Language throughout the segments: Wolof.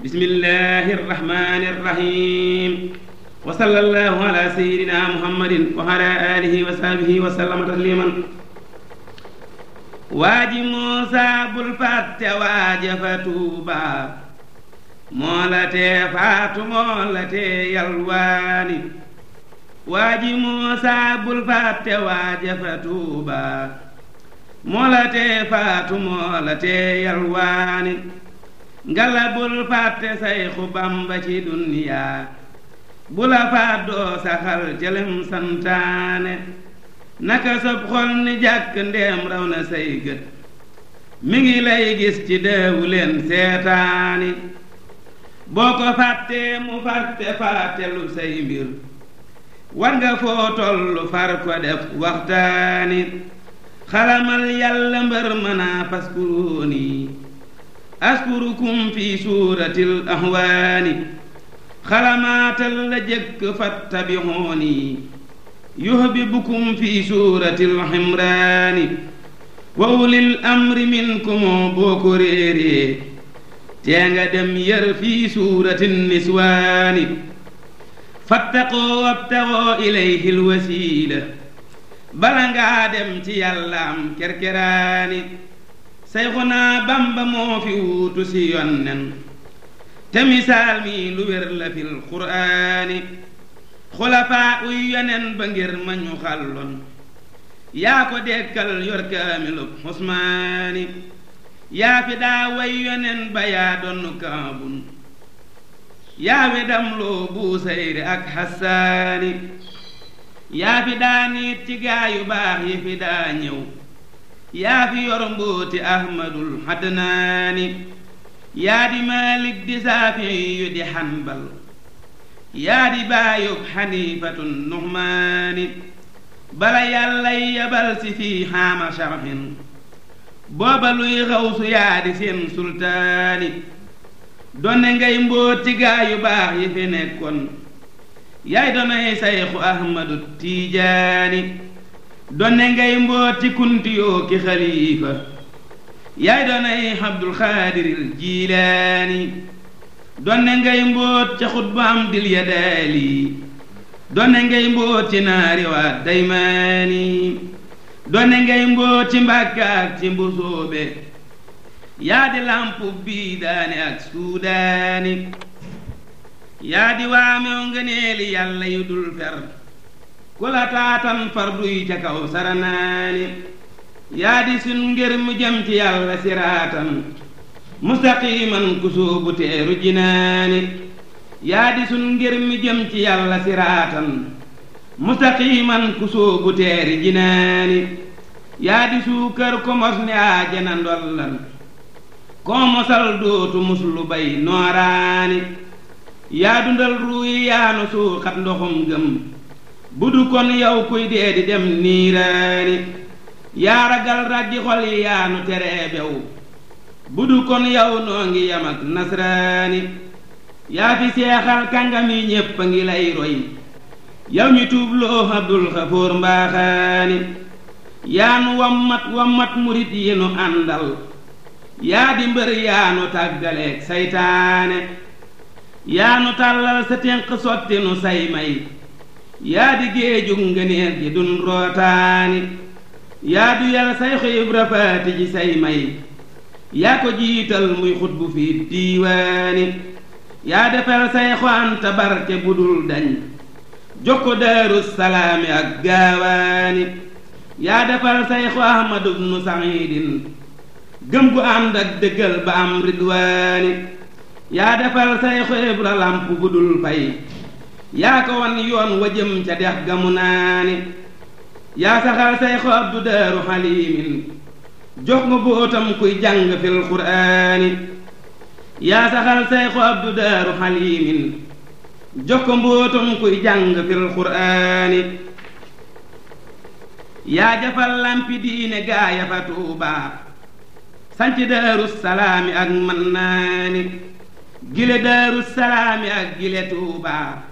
bismillahi arrahmani arrahim wa sallallahu ala sayyidina muhammadin wa ala alihi wa sahbihi wa sallama tasliman waaji muusa bul fàtte waaja fa tuuba moo la tee faatu moo la tee yalwaani waaji muusa bul fàtte waaja fa tuuba moo la tee faatu moo la tee yalwaani ngala fàtte sayxu bamba ci duniyaa bu la faat saxal jëlem santaane naka sob xol ni jàkk ndeem raw na say gët mi ngi lay gis ci deewu leen seetaani boo ko fàttee mu fàtte fàtte lu say mbir war nga foo tollu far ko def waxtaani xalamal yàlla mbër mënaa fas askurukum fi suurati l ahwaani xalamaatal la jëkk fattabixooni yuhbibukum fi suurati l ximraani wa ulil amri minkum boo ko réeree tee nga dem yër fi suurati niswaani fattaqoo wabtaqoo ilayhi l wasiila bala ngaa dem ci yàlla am kerkeraani Seyxuna Bamba moo fi wuutu yonnen te misaal mi lu wér la fil quraani xulafaa uy yonen ba ngir ma ñu yaa ko dekkal yor kaamilub Usmaani yaa fi daa way yonen ba yaa donn kaabun yaa fi dam loo buusayri ak Hassaani yaa fi daa niit ci gaayu baax yi fi daa ñëw yaa fi yor mbooti ahmadul xadnaani yaa di maalik di saafi yu di xanbal yaa di baayub xanifatu nuxmaani bala yàllay yabal si fii xaama sharxin booba luy xawsu yaa di seen sultaani donne ngay mbooti gaa yu baax yi fi nekkoon yaay donay sayxu ahmadu tiijaani donne ngay mbooti kunti yoo ki xalifa yaay doonay Abdul Xaadiril Jiilaani donne ngay mboot ca xutbaam dil ya donne ngay mboot ci naari waa daymaani donne ngay mboot ci mbàkka ak ci mbusoobe yaa di lampu bii ak suudaani yaa di waamew ngëneeli yàlla yu dul fer kula taatan fardu yi ca kaw saranaani yaa di sun ngir mu jëm ci yàlla siraatan mustaqiman ku soobu teeru jinaani yaa di suukar ko mos ne aajana ndollan koo mosal dootu muslu nooraani yaa dundal ruuyi yaanu ndoxum gëm bu du kon yow kuy dee di dem niiraani yaa ragal ràddi xol yaa nu teree bew bu du kon yow noo ngi yam ak nasraani yaa fi seexal kàngam yi ñépp a ngi lay roy yow ñu tuubloo Abdul Xafoor mbaaxaani yaa nu wammat wammat murit yi nu àndal yaa di mbër yaa nu tàggaleeg saytaane yaa nu tàllal sa ténq sotti nu say may yaa di géejug ngëneel gi dun rootaani yaa du yàlla say xuyub rafaati ji say may yaa ko jiital muy xut bu diiwaani yaa defal say xoanta barke bu dul dañ jox ko daaru ak gaawaani yaa defal say xo ahmadu bnu saxiidin gëm gu ànd ak dëggal ba am ridwaani yaa defal say xo ibra bu dul fay yaa ko yoon wa jëm ca dex ga mu naani yaa saxal say xoob du daaru xaliimin jox nga bootam kuy jàng fil quraani yaa saxal say xoob du daaru xaliimin jox ko mbootam kuy jàng fil quraani yaa jafal lampi diine gaa fa tuubaa sanc daaru salaami ak man gile daaru salaami ak gile tuubaa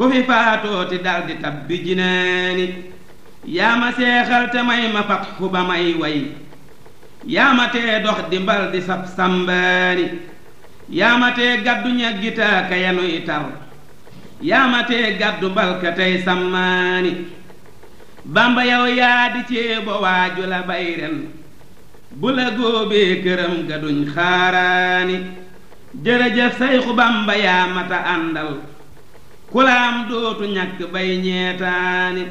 ku fi faatooti daldi tabbi jinaani yaa ma seexal te may ma fax fu ba may way yaa ma dox di mbal di sab sambaani yaa ma gàddu ñaggitaa ka yanuy tar yaa ma tee gàddu mbal ka tey sammaani bamba yow yaa di ceebo la bay bu la góobee këram ga duñ xaaraani jërëjëf sayxu bamba yaa mata àndal kulaam dootu ñàkk bay ñeetaani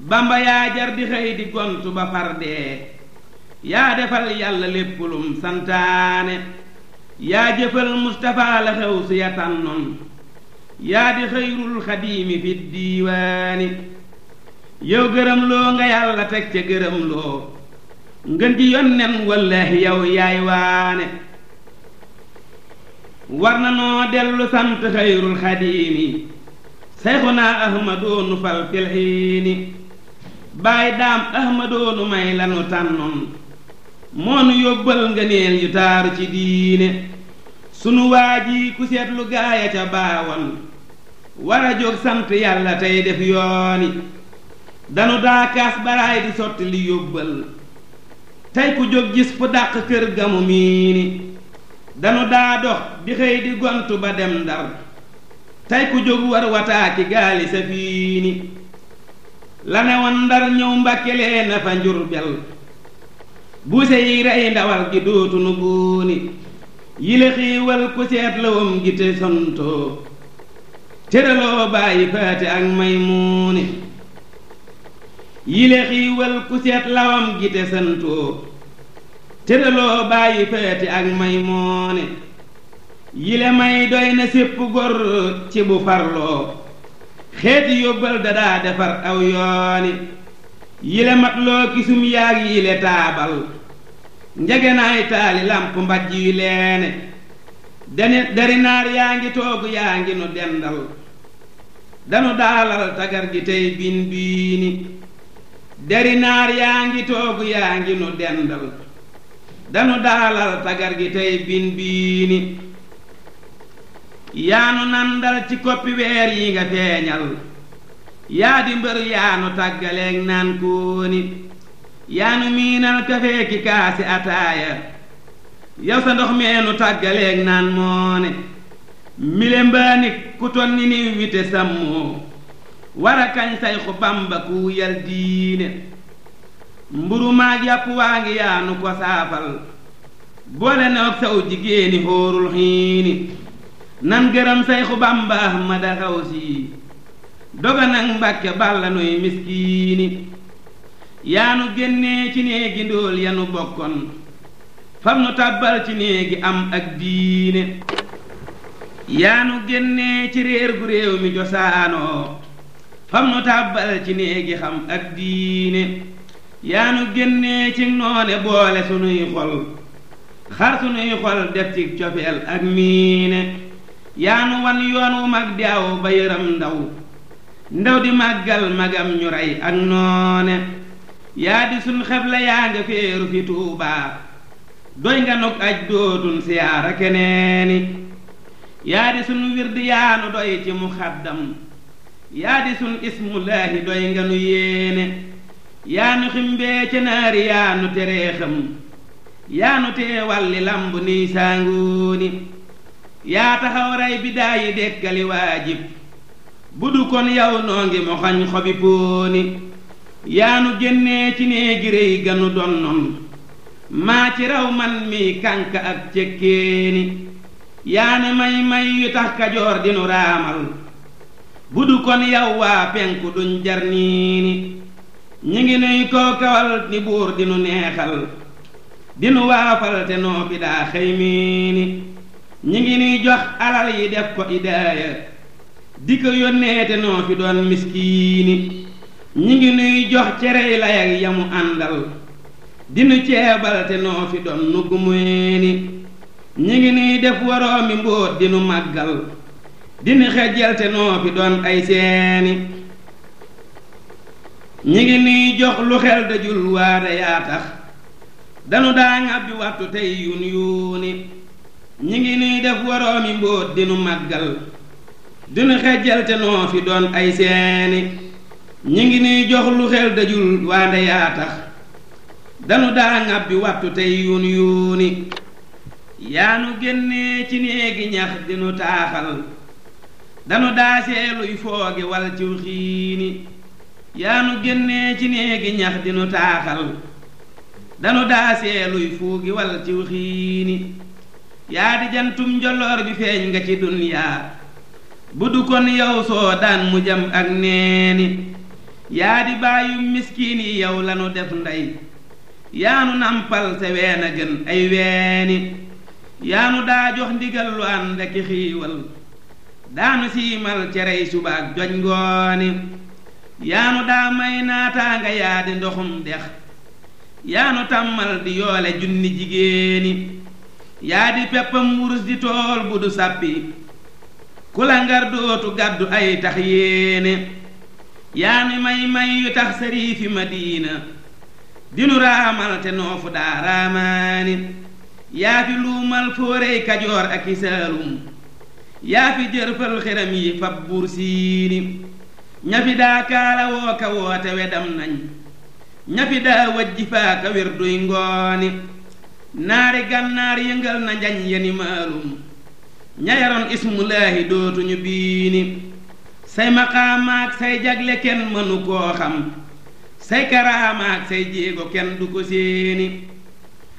bamba yaa jar di xëy di gontu ba far yaa defal yàlla lépp lum santaane yaa jëfal mustapha la xew si ya tànnoon yaa di xëyrul xadiimi fi diiwaani yow gërëm loo nga yàlla teg ca gërëm ji yonnen wallaahi yow yaay war na noo dellu sant xayrul xadiimi sayxunaa ahmadoonu fal fil xiini baay daam ahmadoonu may lanu tànnoon moonu yóbbal ngëneel yu taaru ci diine sunu waa ji ku seetlu gaaya ca baawoon war a jóg sant yàlla tey def yooni danu daakaas baraay di sotti li yóbbal tey ku jóg gis fu dàq kër gamu danu daa dox di xëy di gontu ba dem ndar tey ku jóg war wataa ci gaali sa fiini la ne woon ndar ñëw mbàkke lee na fa njur bel buuse yi rey ndawal gi dootu nu buuni yile xiiwal ku seet lawam gi te sontoo tëraloo bàyyi faati ak may muuni yile xiiwal ku seet lawam gi te sontoo tëraloo bàyyi feeti ak may moone yile may doy na sépp góor ci bu farloo xeeti yóbbal dadaa defar aw yooni yile mat loo kisum yaag yile taabal njegenaay taali lamp mbajj yu leene dani yaa ngi toog yaa ngi nu dendal danu daalal tagar gi tey bin biini darinaar yaa ngi toog yaa ngi nu dendal danu dalal tagar gi tey bin biini yaanu nandal ci koppi weer yi nga feeñal yaa di mbër yaanu tàggaleeg naan kooni yaanu miinal kafeeki kaasi ataaya yow sa ndox meenu tàggaleeg naan moone mile mbaani ku ton ni ni wite sammoo war a kañ say xu Bamba ku yal diine mburu maag yàpp waa ngi yaanu ko saafal boole na ak saw jigéeni xóorul xiini nan gërëm sayxu bàmba ahmada xaw doga nag mbàkke bàlla nuy miskiini yaanu génnee ci néegi ndóol yanu bokkoon fam nu tàbbal ci néegi am ak diine yaanu génnee ci réer gu réew mi josaanoo fam nu tàbbal ci néegi xam ak diine yaa nu génnee ci noone boole sunuy xol xar sunuy xol def ci cofeel ak miine yaa nu wan yoon wu mag di aw ba yëram ndaw ndaw di màggal magam ñu rey ak noone yaa di sun xebla yaa nga féeru fi tuubaa doy nga nok aj dootun siyaara keneeni yaa di sun wird yaa nu doy ci muxaddam yaa di sun ismulaahi doy nga nu yéene yaanu ximbee ca naari yaanu teree xam yaanu tee walli lamb niy saangooni yaa taxaw rey bi yi dekkali waajib bu du kon yow noo ngi mu xañ xobi póoni yaanu génnee ci néegi réy ganu donnoon maa ci raw man mi kànk ak cekkeeni yaane may may yu tax kajoor dinu raamal bu du kon yow waa penku duñ jar niini ñi ngi nuy koo kawal ni buur dinu neexal dinu waafal te noo bi daa xëy ñi ngi nuy jox alal yi def ko idaaya di ko yónnee te noo fi doon miskiini ñi ngi nuy jox cerey layak yamu àndal dinu ceebal te noo fi doon nu gumueni ñi ngi nuy def waroomi mbóot dinu màggal dinu xejjal te noo fi doon ay seeni ñi ngi nuy jox lu xel dajul waare yaa tax danu daa ŋàbbi wattu tey yun yuuni ñi ngi nuy def waroomi mbóot dinu màggal dinu xejjal te noo fi doon ay seeni ñi ngi nuy jox lu xel dajul waande yaa tax danu daa ŋàbbi wattu tey yun yuuni yaanu génnee ci néegi ñax dinu taaxal danu daa seeluy foogi wal xiini yaa nu génnee ci néegi ñax di nu taaxal danu daasee luy fuugi wal ciw yaa di jantum njolloor bi feeñ nga ci dunyaa bu du kon yow soo daan mu jam ak neeni yaa di baayum miskiin yi yow lanu def ndey yaa nu nampal sa ween a gën ay weeni yaa nu daa jox ndigal lu ànd ak xiiwal daanu siimal cerey suba ak joñ ngooni yaanu daa may naataanga yaa di ndoxum dex yaanu tàmmal di yoole junni jigéeni yaa di peppam wurus di tool bu du sàppi ku la ngar dootu gàddu ay tax yéene yaanu may may yu tax sariifi madiina dinu raamal te noofu daa raamaani yaa fi luumal fóorey kajoor ak i yaa fi jërfal xeram yi fab buur siini ña fi daa kaala ka woote wedam nañ ña daa wajji faa wér duy ngooni naari gànnaar yëngal na njañ yeni maalum ña yaroon ismulaahi dootuñu biini say maqaamaak say jagle kenn mënu koo xam say karaamaak say jéego kenn du ko séeni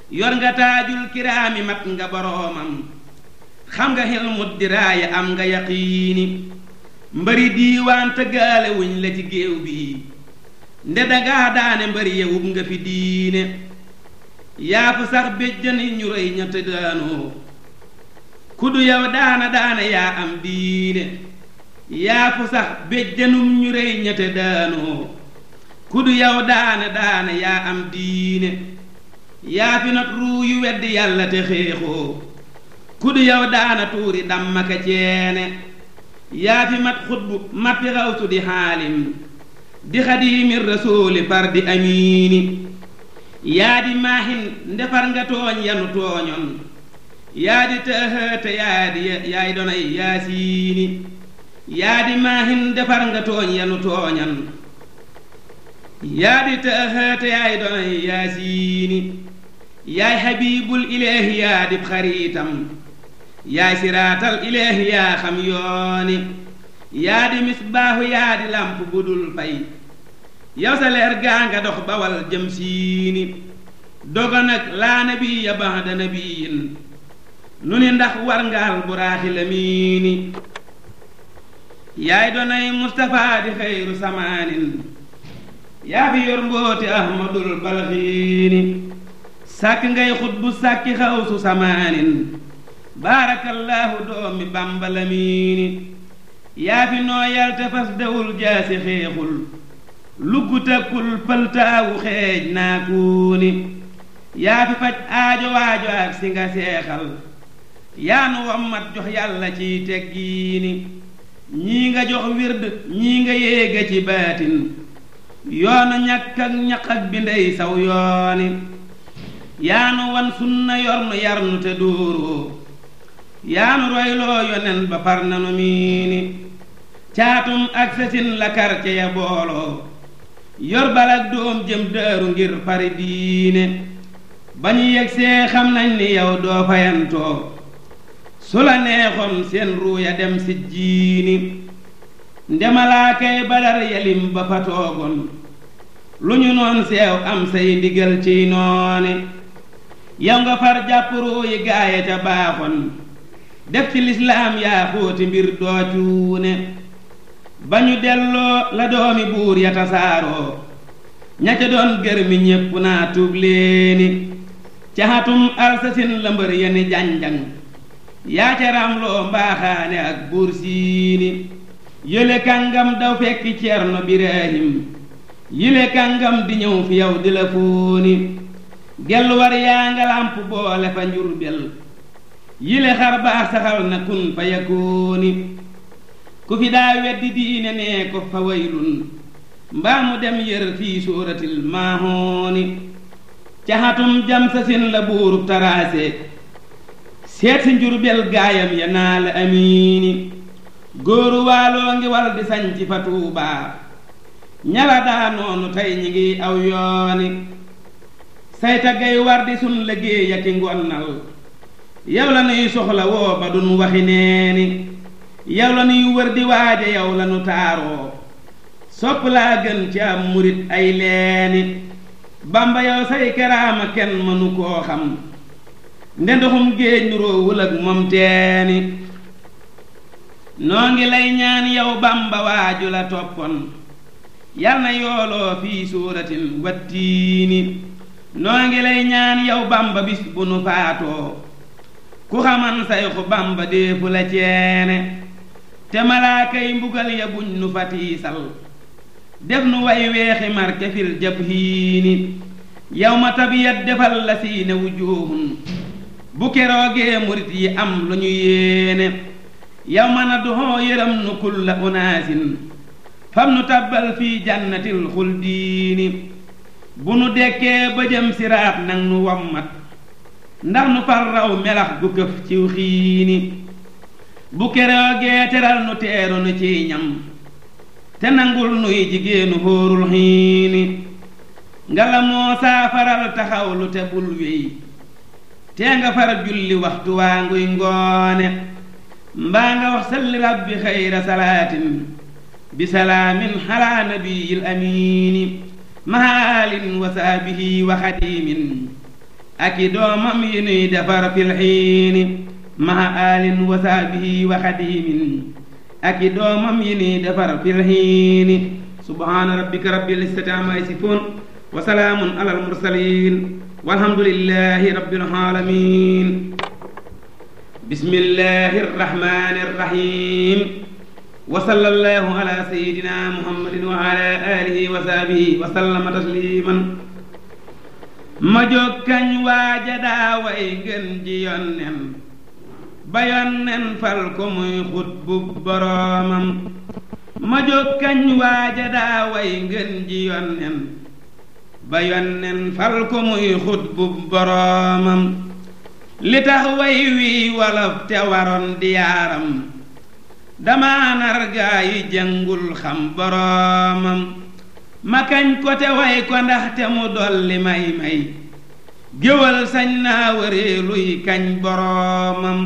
yor nga mat nga boroomam xam nga xel mut diraaya am nga yaqiini mbëri diiwaan tëggaale wuñ la ci géew bi nde dangaa daane mbëri yewub nga fi diine yaa sax béjjani ñu rëy ñett daanoo ku du yow daana daane yaa am diine yaa fa ñu rëy ñett daanoo ku du daane yaa am diine yaa not ruu yu wedd yàlla te xéexoo ku du yow daana tuuri dammaka ceene yaa fi mat xutbu mappi xawsu di xaalim di xadiimi rasuuli far di amiini yaa di maahin ndefar nga tooñ yanu tooñoon yaa di tëhëte yaa di yaay donay yaasiini yaa di maahin defar nga tooñ yanu tooñan yaa di tëhëte yaay donay yaasiini yaay xabiibul ilaahi yaa di xariitam yaay siraatal ilaahi yaa xam yooni yaa di misbaahu yaa di làmp bu dul fay yow sa leer gaa nga dox bawal jëm siini doga nag laa nabiya ba'da nabiyin nu ni ndax war ngaal buraaxi lamiini yaay donay Mustapha di xayru samaanin yaa fi yor mbooti ahmadul balxiini sàkk ngay xut bu sàkki xawsu samaanin baarakallaahu doomi bàmba lamiini yaa fi nooyal te fas dawul jaasi xeexul luggu pëltaawu xeej naa kuuni yaa fi faj aajo waajo ak si nga seexal yaa nu wommat jox yàlla ciy teggiini ñii nga jox wird ñii nga yéege ci baatin yoonu ñàkk ak ñaq ak bi saw yooni yaa nu wan sunna yornu yarnu te dóoroo yaanu royloo yonen ba par nanu miini caatum ak sesin la quartier ya booloo yor balak doom jëm dëru ngir pari diine ba ñu yegsee xam nañ ni yow doo fayantoo su la neexoon seen ruuya dem si jiini ndemalaakay badar yelim ba fa toogoon lu ñu noon seew am say ndigal ciy noone yow nga far jàpp ruuyi gaaye ca baaxoon def ci lislaam yaa xóoti mbir doo cuune ba ñu delloo la doomi buur ya ña ca doon gërmi ñépp naa tuub leeni caxatum alsasin la mbër yeni janjang yaa ca ramloo mbaaxaane ak buur siini yële kàngam daw fekki ceerno birahim yële kàngam di ñëw fi yow di la fóoni gellu yaa nga làmp boole fa njurbel yile xar baax saxal na kun fa yakooni ku fi daa weddi diine nee ko fa waylun mbaa dem yër fii suuratil maahooni caxatum jam sa sin la buurub taraase seet si njurbel gaayam ya naa la amiini góoru ngi wal di sañ fa tuubaa ñala daa noonu ñi ngi aw yooni sayta gay war di sun liggéey ya ki ngonnal yow la nuy soxla woo ba dunu waxi neeni yow la nuy wër di waaja yow la nu taaroo sopp laa gën ci murit ay leeni bamba yow say karaama kenn mënu koo xam nde géej nu ak moom teeni noo ngi lay ñaan yow bamba waaju la toppoon yal na yooloo fii suuratin wattiini noo ngi lay ñaan yow bamba bis bu nu faatoo ku xaman sayxu bamba déefu la ceene te malaakay mbugal ya buñ nu fatiisal def nu way weexi marke fil jabhiini yow ma tabiyat defal la siine wujuhun bu keroogee murit yi am lu ñu yéene yow ma na duhoo yëram nu kulla unaasin fam nu tabbal fii jannatil xuldiini bu nu dekkee ba siraat nang nu wammat ndax nu far raw melax gu këf ciw xiini bu keroogee teral nu teeru nu ciy ñam te nangul nuy jigéenu xóorul xiini nga la moo saafaral taxaw lu te bul wéy tee nga far julli waxtu waa nguy ngoone mbaa nga wax salli rabbi xayra salaatin bi salaamin xalaa nabiyil amiini mahaalin wa saabihi wa xadiimin ak i doomam yi nuy defar fil xiini maa aalin wa saabihi wa xadiimin ak i doomam yi nuy defar fil xiini subhaana rabbika rabbil izzati ammaa yasifuun wa salaamun alal mursaliin walhamdulillaahi rabbil aalamiin bismillaahi rrahmaani rrahiim wa sallallaahu alaa sayyidinaa muhammadin wa alaa aalihi wa sahbihi wa sallama tasliiman ma jóg kañ waaja daa way ngeen ji yonnen ba yonnen fal ko muy xut bu boroomam ma jóg kañ waaja daa way ngeen ji yonnen ba yonnen fal ko muy xut bu boroomam li tax way wii wolof te waroon di yaaram dama nargaa yi jëngul xam boroomam ma kañ ko te way ko ndaxte mu dolli may may géwal sañ naa wëree luy kañ boroomam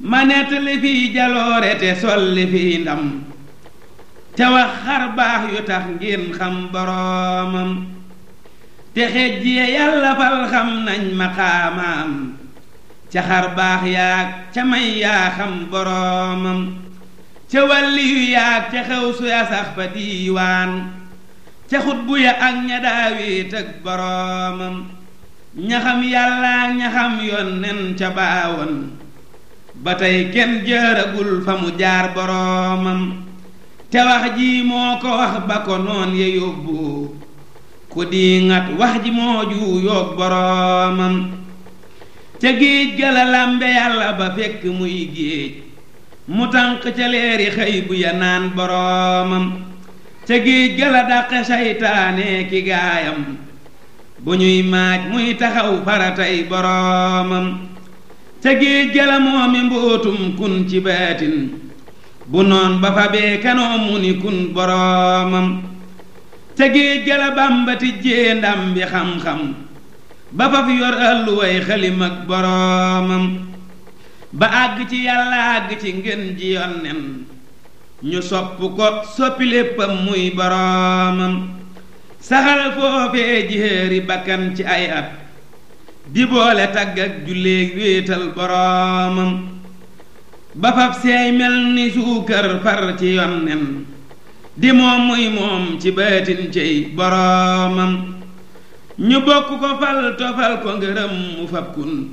ma nettali fiy jaloore te solli fiy ndam te wax xar baax yu tax ngeen xam boroomam te xej yee yàlla fal xam nañ maqaamaam ca xar baax yaag ca may yaa xam boroomam ca wàlli yu yaag ca xew suya sax fa diiwaan ca xut bu ya ak ña daawee tëg ñaxam yàlla ñaxam yoon nen ca baawoon ba tey kenn jëragul fa mu jaar boroomam te wax ji moo ko wax ba ko noon ya yóbbu ku diiŋat wax ji moo ju yoog boroomam ca géej ga la làmbe yàlla ba fekk muy géej mu tànq ca leeri xëy bu ya naan boroomam ca géej ga la dàqe saytaane ki gaayam bu ñuy maaj muy taxaw faratay boroomam ca géej gala mbootum kun ci baatin bu noon ba fa bee kanoo mu ni kun boroomam ca géej gala bàmba tijjee ndam bi xam-xam ba fa fi yor alluway xalim ak boroomam ba àgg ci yàlla àgg ci ngën ji yonnen ñu sopp ko soppi léppam muy boroomam saxal foofee jihéeri bakkan ci ay at di boole tagg ak julleeg wéetal boroomam ba fab seey mel ni suukar far ci yon di moom moom ci baatin cey boroomam ñu bokk ko fal tofal ko ngërëm mu fab kun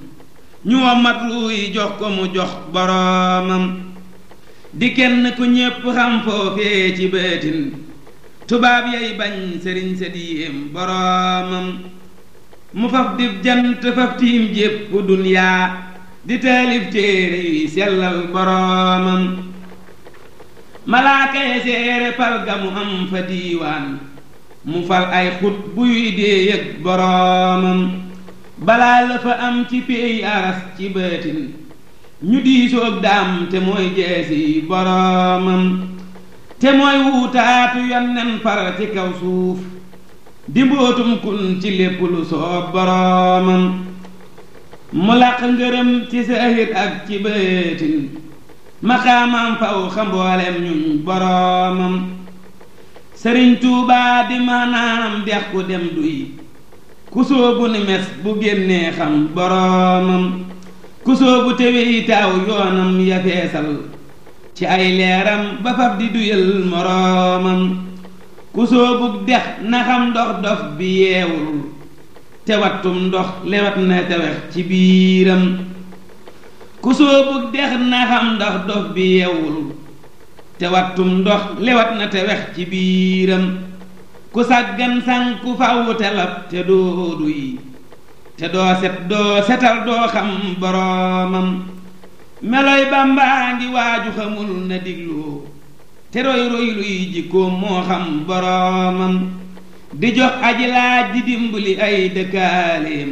ñu womat ruuy jox ko mu jox boroomam di kenn ku ñépp xam foofee ci baatin tubaab yay bañ sëriñ sa boroomam mu faf dib jant faf tiim jépp dunyaa di taalif téere yuy sellal boroomam malaaka seere pal am fa diiwaan mu fal ay xut buy dee yëg boroomam balaa la fa am ci peey aras ci baatin ñu diisoog daam te mooy jeesi boroomam te mooy wuutaatu yonnen far ci kaw suuf di mbootum kun ci lépp lu soob boroomam mu làq ngërëm ci sëriñ tuubaa di maanaam dex ku dem duy ku soobu ni mes bu génnee xam boroomam ku soobu tewi taaw yoonam ya feesal ci ay leeram ba fab di duyal moroomam ku soobug dex na xam ndox dof bi yeewul te wattum ndox lewat na tewex ci biiram ku soobug dex na xam ndox dof bi yeewul te wattum ndox lewat na tewex ci biiram ku sàggan sànku fawu telab te doo duy te doo set doo setal doo xam boroomam meloy bàmbaa ngi waaju xamul na digloo te roy roy luy jikkoom moo xam boroomam di jox aji laaj di dimbali ay dëkkaaleem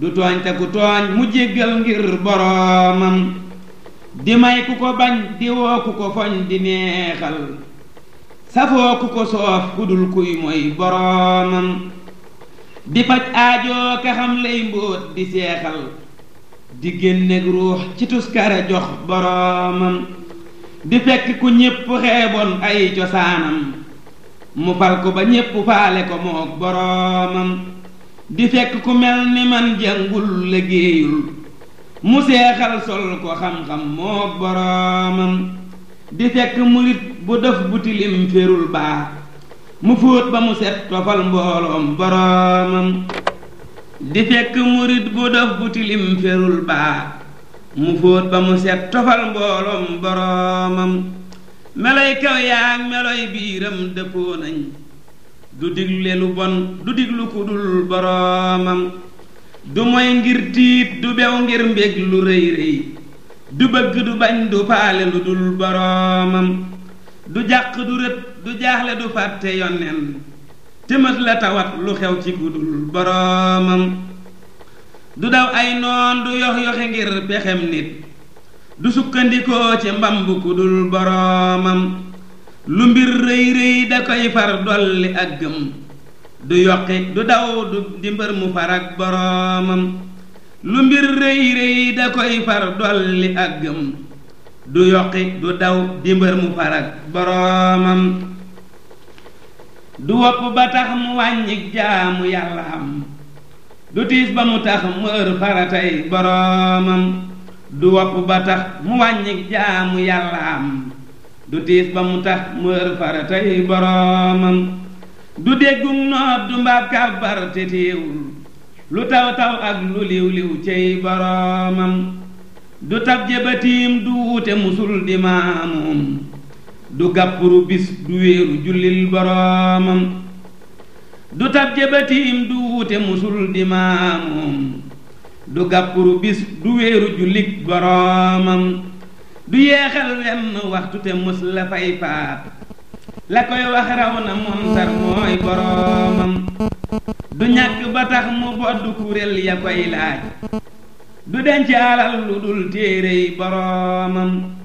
du tooñ te ku tooñ mu jéggal ngir boroomam di may ku ko bañ di woo ko foñ di neexal safoo ku ko soof ku kuy mooy boroomam di faj aajoo ka xam lay mbóot di seexal di génneeg ruux ci tuskare jox boroomam di fekk ku ñépp xeeboon ay cosaanam mu fal ko ba ñépp faale ko moog boroomam di fekk ku mel ni man jàngul liggéeyul mu seexal sol ko xam-xam moog boroomam di fekk murit bu def bu tilim ferul mu fóot ba mu set tofal mbooloom boroomam di fekk murit bu dof bu tilim ferul baa mu fóot ba mu set tofal mbooloom boroomam meloy kaw yaa meloy biiram dëppoo nañ du digle lu bon du diglu ku dul boroomam du moy ngir tiit du bew ngir mbég lu rëy rëy du bëgg du bañ du faale lu dul boroomam du jàq du rët du jaaxle du fàtte yonnen tëmët la tawat lu xew ci kudul boroomam du daw ay noon du yox yoxe ngir pexem nit du sukkandikoo ci mbamb kudul boroomam lu mbir rëy rëy da koy far dolli ak gëm du yoqi du daw di mbër mu far ak boroomam lu mbir rëy rëy da koy far dolli ak gëm du yoqi du daw di mbër mu far ak du wopp ba tax mu wàññik jaamu yàlla am du tiis ba mu tax mu ër faratay boroomam du wopp ba tax mu wàññik jaamu yàlla am du tiis ba mu tax mu ër faratay boroomam du déggum noot du mbaab kàbbar te téewul lu taw taw ak lu liw liw cey boroomam du tab jëbatiim du wuute musul di du gàppuru bis du wéeru jullil boroomam du tab jëbatiim du wuute musul di maamoom du gàppuru bis du wéeru jullik boroomam du yeexal wenn waxtu te mus la fay faat la koy wax raw na moom sar mooy boroomam du ñàkk ba tax mu bodd kuréel ya koy laaj du denc alal lu dul téerey boroomam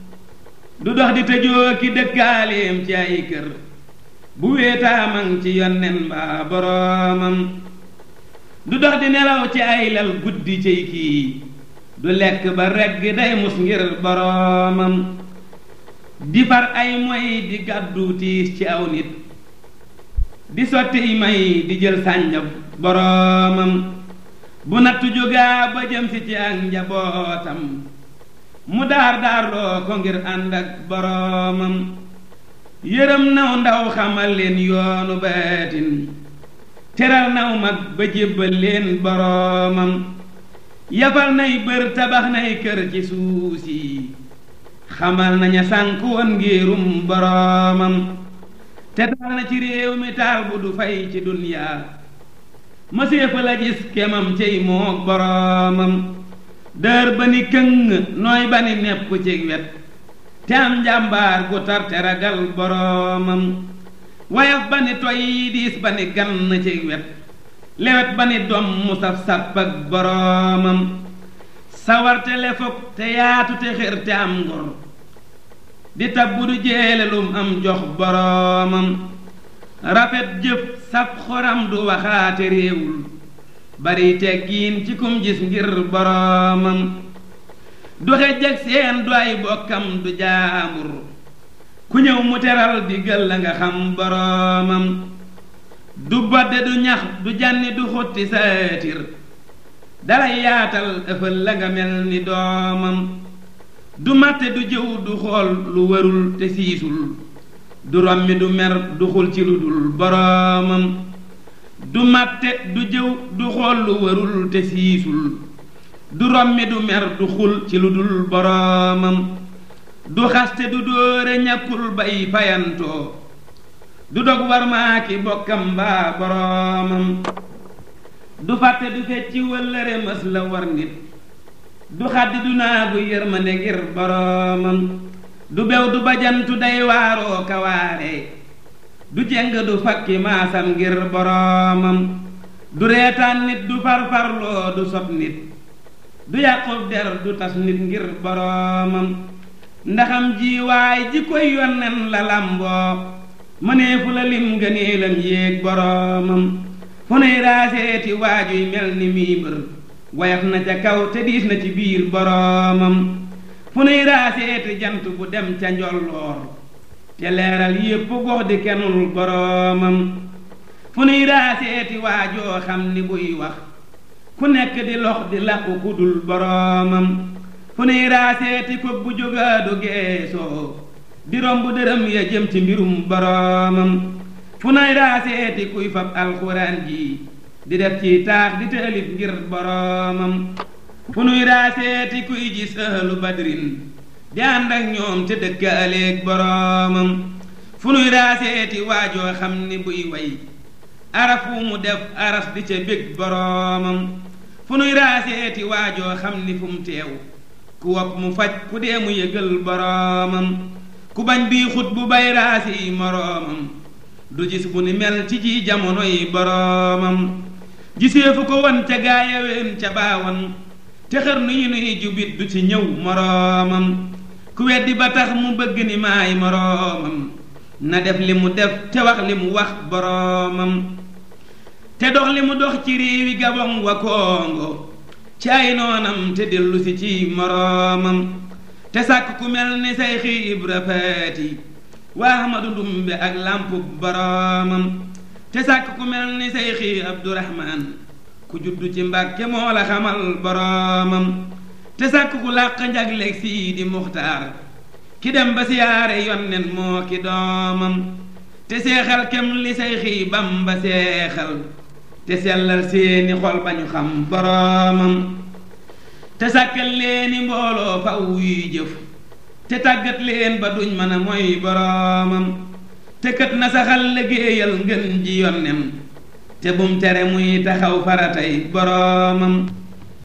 du dox di tëjoo ki dëkkaaleem ci ay kër bu wéetaamang ci yonnen ba boroomam du dox di nelaw ci ay lal guddi cay kii du lekk ba regg day mus ngir boroomam di far ay moy di gàddu tiis ci aw nit di sotti may di jël sànja boroomam bu nattu jógaa ba jëm ci ak njabootam mu daar daarloo ko ngir ànd ak boroomam yërëm naw ndaw xamal leen yoonu baatin teral naw mag ba jébbal leen boroomam yafal nay bër tabax nay kër ci suuf si xamal naña sànk woon ngéerum boroomam te taal na ci réew mi taal bu du fay ci dunyaa mëseefa la gis kemam cey moog boroomam dër ba ni këng nooy ba ni nepp ci wet te am njàmbaar gu tar te ragal boroomam wayaf ba ni toy diis ba ni gann ci wet lewet ba ni doom saf sàpp ak boroomam sawar te te yaatu te xër te am ngor di tab bu du jeele am jox boroomam rafet jëf saf xoram du waxaate réewul bari teggiin ci kum gis ngir boroomam du xejjeg seen du ay bokkam du jaamur ku ñëw mu teral digal la nga xam boroomam du bodde du ñax du jànni du xutti saatir dalay yaatal ëfal la nga mel ni doomam du màtte du jëw du xool lu warul te siisul du rommi du mer du xul ci lu dul boroomam du màtte du jëw du xool lu te siisul du rommi du mer du xul ci lu dul boroomam du xaste du dóore ñàkkul bay fayantoo du dog war maa ki bokkam baa boroomam du fàtte du fecci wëllëre mës la war nit du xaddi du naagu yërmande ngir boroomam du bew du bajantu day waaroo kawaare du jeng du fakki maasam ngir boroomam du reetaan nit du farfarloo du sob nit du yàqub der du tas nit ngir boroomam ndaxam ji waay ji koy yonnen la lamboo mëneefu la lim ngëneelam yéeg boroomam fu nuy raaseeti waajuy mel ni miibër woyof na ca kaw te diis na ci biir boroomam fu nuy raaseeti jant bu dem ca njolloor te leeral yépp gox di kenul boroomam fu nuy raaseeti waajoo xam ni buy wax ku nekk di lox di làqu ku dul fu nuy raaseeti ko bu jógaadu geesoo di romb dërëm ya jëm ci mbirum boroomam fu nuy raaseeti kuy fab alxuraan ji di def ci taax di taalif ngir boroomam fu nuy raaseeti kuy ji sëhlu badrin di ànd ak ñoom te dëkkaaleeg boroomam fu nuy raaseeti waajoo xam ni buy way arafu mu def aras di ca bég boroomam fu nuy raaseeti waajoo xam ni fu teew ku wopp mu faj ku dee mu yëgal boroomam ku bañ bii xut bu bay raasi yi moroomam du gis bu ni mel ci jamono yi boroomam gisee fu ko wan ca gaayaween ca baawan te xër nuy jubit du ci ñëw moroomam ku weddi ba tax mu bëgg ni maay moroomam na def li mu def te wax li mu wax boroomam te dox li mu dox ci réewi Gabon wa Congo ci ay noonam te dellu si moroomam te sàkk ku mel ni say xiibra faati waa Ahmadu Ndumbe ak làmpu boroomam te sàkk ku mel ni say xii Abdurahmaan ku juddu ci Mbàkke moo la xamal boroomam te sàkk ku làq njagleeg sii di muxtaar ki dem ba siyaare yonnen moo ki doomam te seexal kem li say xii bam ba seexal te sellal seeni xol ba ñu xam boroomam te sàkkal leeni mbooloo faw yuy jëf te tàggat ba duñ mën a mooy boroomam te kët na saxal liggéeyal ngën ji yonnem te bum tere muy taxaw faratay boroomam